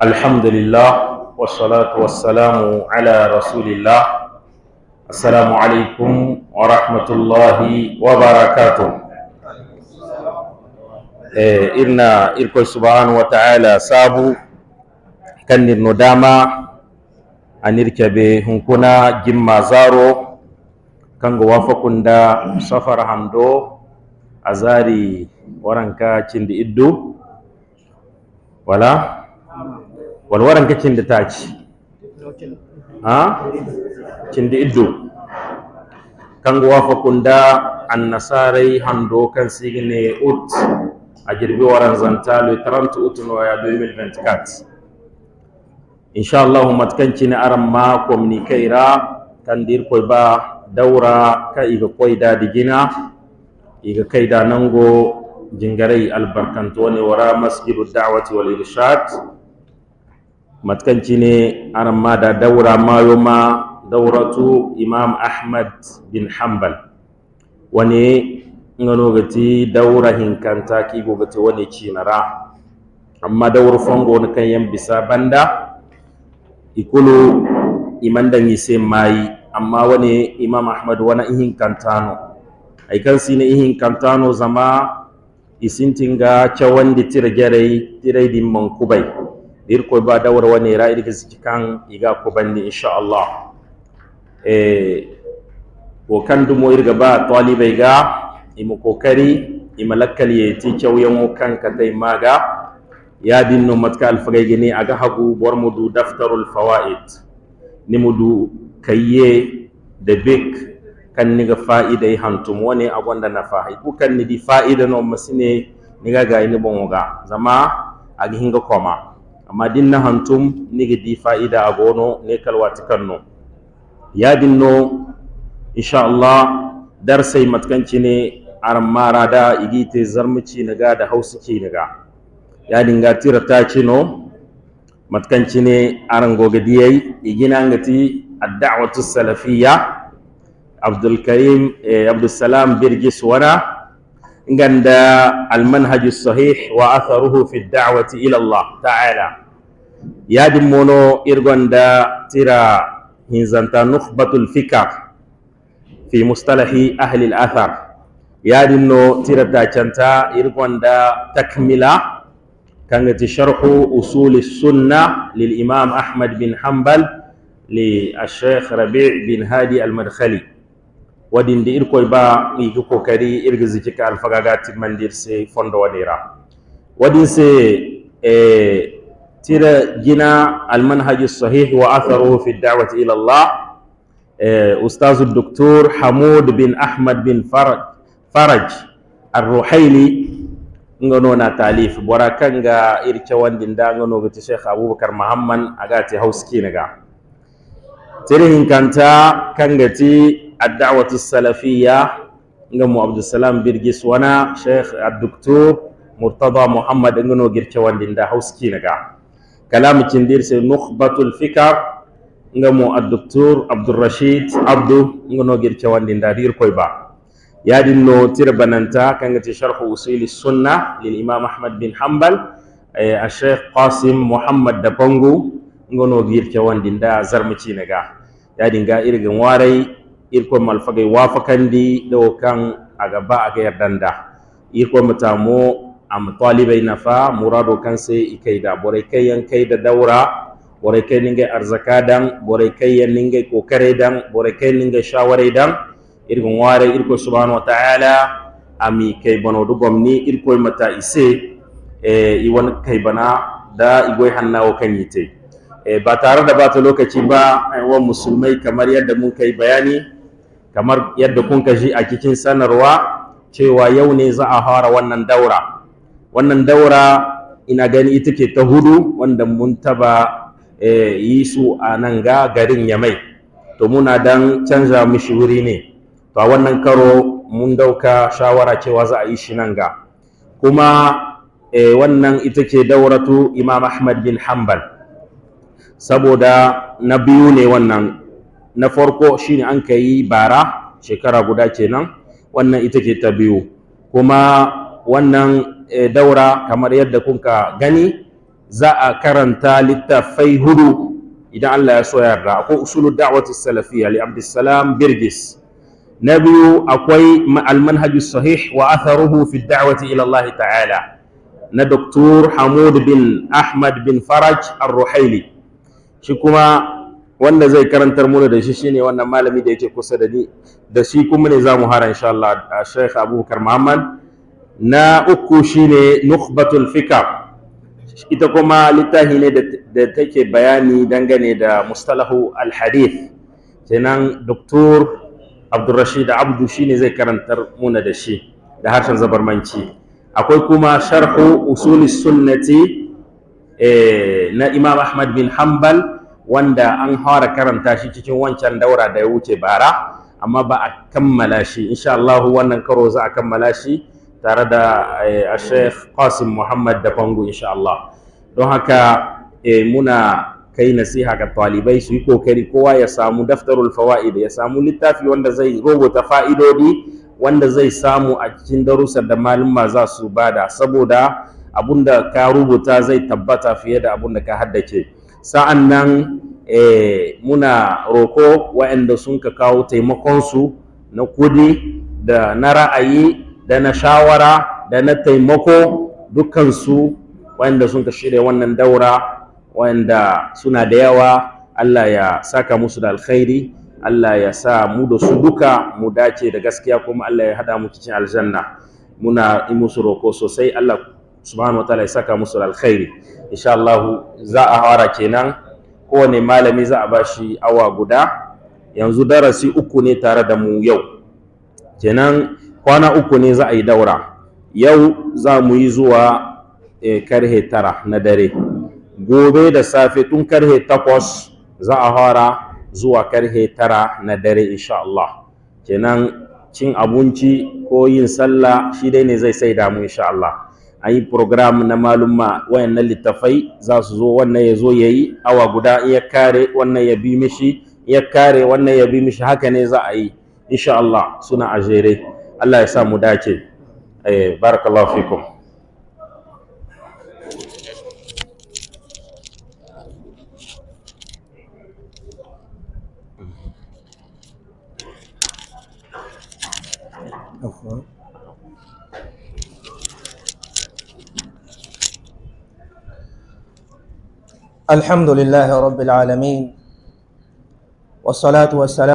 الحمد لله والصلاة والسلام على رسول الله السلام عليكم ورحمة الله وبركاته إن إلكو سبحانه وتعالى سابو كان الندامة أن يركب هنكونا جمع زارو kango wafakunda سفر حمدو أزاري waranka cindi إدو wala walwaran ka cin da ta ci ha cin da iddo kan wafa kunda an nasarai hando kan signe ut a jirbi waran zanta lo tarantu no waya 2024 insha Allah matkan cin aran ma Kaira, kan dir koy ba daura ka iga koy da digina iga kai da nango jingarai albarkantu wani wara masjidu da'wati wal irshad ne ne, ma da daura mayo ma dauratu imam ahmad bin hanbal wani ngano gati daura hinkanta ki go gati wani cinara amma daura fango na kan yan bisa banda ikulu iman ni yise mai amma wani imam ahmad wani ihin kantano ai kan ne ihin kantano zama isintinga chawandi tirgerei tirai din mankubai irko ba dawar wani ra irga zikikan iga ko banni insha Allah eh kan dumo irga ba talibai ga imu kokari ima lakkal ye ti kyauyan mu kan ka dai maga ya dinno matka alfagai gini aga hagu bor mu du daftarul fawaid ni mu du kayye da bik kan ni ga fa'ida hantum wani agonda na fahi ku kan ni di fa'ida no masine ni ga ga ni bonga zama agi hinga koma amma din na hantum ga di fa'ida a gono ne kalwati kanno yadin no insha Allah dar sai matkanci ne aran mara da igite zarmici naga da hausuki naga yadin ga tira ta ce no matkanci ne aran yayi igina ngati ad-da'watu salafiyya Abdul Karim eh, Abdul Salam Birgis wana عند المنهج الصحيح وأثره في الدعوة إلى الله تعالى يادم مونو إرغند ترى هنزنت نخبة الفكر في مصطلح أهل الأثر يا دمونو ترى تاچنتا إرغند تكملة كانت شرح أصول السنة للإمام أحمد بن حنبل للشيخ ربيع بن هادي المدخلي da irko ba igi kokari irga ga alfagagati mandir se fondo wadira wadin se e, tira gina almanhaji sahih wa atharuhu fi da'wati ila Allah أستاذ e, الدكتور bin bin bin بن فرج فرج الرحيلي ngono na talif barakan ga irke wandin da ngono shek Sheikh Abubakar Muhammad agati hauski naga tirin kanta kangati. الدعوة السلفية نجمو عبد السلام بيرجس وانا شيخ الدكتور مرتضى محمد نجمو جرتشوان لندا هوسكي نجا كلام تندير سي نخبة الفكر نجمو الدكتور عبد الرشيد عبد نجمو جرتشوان لندا دير كويبا يا دين نو تير بنانتا كانت شرح وصول السنة للإمام أحمد بن حنبل الشيخ قاسم محمد دبونغو نجمو جرتشوان لندا زرمتي نجا يا دين نجا إرجن واري irko malfagay wafakandi do kan aga ba aga yardanda irko matamo am talibay nafa murado kan se ikayda boray kayan daura, borekai boray kay ninge arzaka dan boray kayan ninge kokare dan boray kay ninge shaware dan irko ware irko subhanahu wa ta'ala ami kay bano du gomni irko mata ise e iwan kay bana da igoy hannawo kan yite e, ba tare da bata lokaci ba e, wa musulmai kamar yadda mun kai bayani kamar yadda kun ji a cikin sanarwa cewa yau ne za a fara wannan daura wannan daura ina gani ita ke ta hudu wanda mun taba eh, yi su a nan ga garin yamai to muna dan canza mishi wuri ne to a wannan karo mun dauka shawara cewa za a yi shi nan ga kuma eh, wannan ita ke dauratu imam ahmad bin hanbal saboda na biyu ne wannan na farko shine an ka yi bara shekara guda kenan wannan ita ce ta biyu kuma wannan eh, daura kamar yadda kuka gani za a karanta littafai hudu idan Allah ya so yarda akwai usulul da'wati salafiyya li Abdussalam Birgis na biyu akwai al manhaji sahih wa atharuhu fi da'wati ila Allah ta'ala na Doktor Hamud bin Ahmad bin Faraj Ar-Ruhaili shi kuma wanda zai karantar mu da shi shine wannan malami da yake kusa da ni da shi kuma ne zamu hara insha Allah Sheikh Abubakar Muhammad na uku shine Nukhbatul Fika ita kuma littafi ne da take bayani dangane da mustalahu al-hadith kenan Dr. Abdurrashid Abdu shine zai karantar mu da shi da harshen zabarmanci akwai kuma sharhu usuli sunnati eh, na Imam Ahmad bin Hanbal wanda an fara karanta shi cikin wancan daura da ya wuce bara amma ba a kammala shi insha Allah wannan karo za a kammala shi tare da eh, a Sheikh Qasim Muhammad da Bango insha Allah don haka eh, muna kai nasiha ga talibai su yi kokari kowa ya samu daftarul fawaid ya samu littafi wanda zai rubuta fa'idodi wanda zai samu a cikin darussan da malama za su bada saboda abunda ka rubuta zai tabbata fiye da abunda ka haddace sa'an nan eh, muna roko waɗanda sun ka kawo taimakonsu na kudi da na ra'ayi da na shawara da na taimako dukansu waɗanda sun ka shirya wannan daura waɗanda suna da yawa Allah ya saka musu da alkhairi Allah ya sa mu da su duka mu dace da gaskiya kuma Allah ya hada mu cikin aljanna muna yi musu roko sosai Allah subhanahu ta'ala ya saka musu alkhairi insha Allah za a hawara kenan kowane malami za a bashi awa guda yanzu darasi uku ne tare da mu yau kenan kwana uku ne za a yi daura yau za mu yi zuwa e, karhe tara na dare gobe da safe tun karhe takwas za a hawara zuwa karhe tara na dare insha Allah kenan cin abinci ko yin sallah shi dai ne zai sai damu insha Allah a yi program na malumma wayannan littafai za su zo wannan ya zo ya yi awa guda in ya kare wannan ya bi mishi ya kare wannan ya bi mishi haka ne za a yi insha Allah suna a jere Allah ya sa mu dace eh barakallahu fikum uh الحمد لله رب العالمين والصلاة والسلام